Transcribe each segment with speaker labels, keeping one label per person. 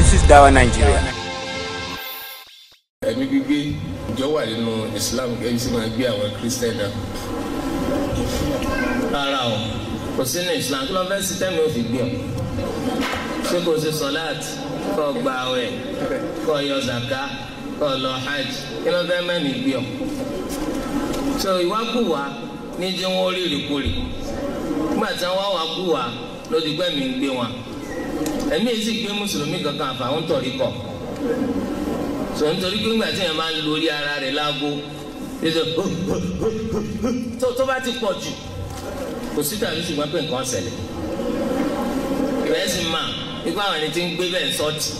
Speaker 1: This is Dawa Nigeria. ẹ̀mí gbígbé
Speaker 2: ìjọ wà nínú Islam kẹ́mi sì máa gbé àwọn Christian náà. rárá o kò sí ní Islam kí ló fẹ́ sí tẹ́mi ò fi gbé ọ ṣé kò sí sọláàt kó gba àwẹ̀ kó yọ zaka kó lọ hajj kí ló fẹ́ mẹ́rin gbé ọ. so ìwákùwà ní jẹ́ wọ́n rí ìrìkúrì nígbà tí wọ́n wá wá kú wa lójú pẹ́ mi ń gbé wọn ẹ̀mí yìí sì gbé mùsùlùmí kankan àfàwọn tọ̀rí kọ̀ sọ nítorí pé ńgbà tí yẹn máa ń lórí ara rẹ̀ láago tó tó bá ti pọ̀ jù kò sí tàbí ṣùgbọ́n pé nǹkan ṣẹlẹ̀ ìrẹsì máa nípa àwọn ẹni tí ń gbé bẹ́ẹ̀ sọ́ọ̀tì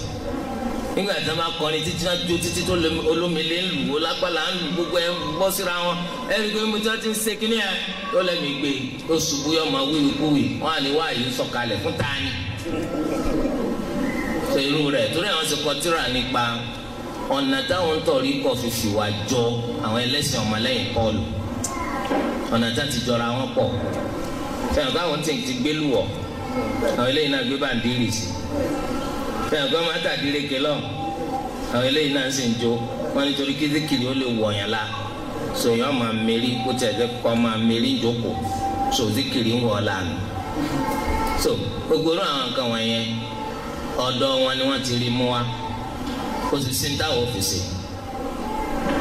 Speaker 2: nígbà tí wọn bá kọrin títí náà jó títí tó olómìnira ń lù ó lápàlà ń lù gbogbo ẹ bọ́ síra wọn ẹni pé mo ti ti ń ṣe kíní ẹ tó lẹ́mìí gbé tó ṣubú yọ ọmọ wíwí kúwì wọn àní wá yìí sọ̀kalẹ̀ fún tani. sọ irú rẹ̀ torí àwọn ti kọ tíra nípa ọ̀nà táwọn ń tọ̀rí kọ fífi wá jọ àwọn ẹlẹ́sìn ọmọlẹ́yìn Pọ́ọ̀lù ọ̀nà tá ti jọra wọn pọ̀ fẹ́ràn káwọn ti gbé lù ẹ̀gbọ́n máa tà dírékè lọ àwọn eléyìí náà sì ń jó wọn nítorí kíndìkìrì ó lè wọ̀nyàn la sòyàn máa mérí kó tẹ̀ ẹ́ kọ́ máa mérí jókòó sòzíkìrì ń wọ̀ lánàá so gbogbo náà àwọn nǹkan wọ̀nyẹn ọ̀dọ̀ wọn ni wọ́n ti rí mú wa kó sì sí ní táwọn òfìsì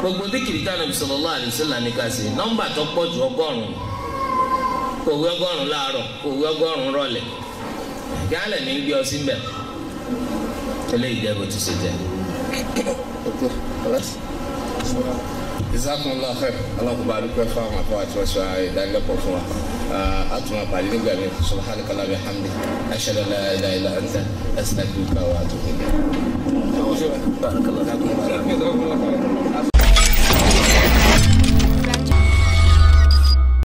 Speaker 2: gbogbo díkìrì táwọn ibi sọlọ lọ àdìsí lànà kàsí nọ́mbà tó pọ̀ ju ọgọ́rùn kò wí ọgọ́rùn láàárọ̀ kò wí ọgọ́rùn rọ̀lẹ́ gálẹ̀ ní gbé ọ sí mbẹ̀ eléyìí jẹ́ bó ti ṣe jẹ́.
Speaker 1: ìsákun lọ́kọ̀ alákùnbá dúpẹ́ fáwọn àpò àti ọ̀ṣọ́ ìdánilẹ́kọ̀ọ́ fún wa àtúmọ̀ pàdé nígbà mi subahana kala bi hamdi aṣẹ́lẹ̀ láìla ilà ẹ̀ńtẹ̀ ẹ̀sìn àti
Speaker 2: ìgbà wa àtúmọ̀ ìgbà.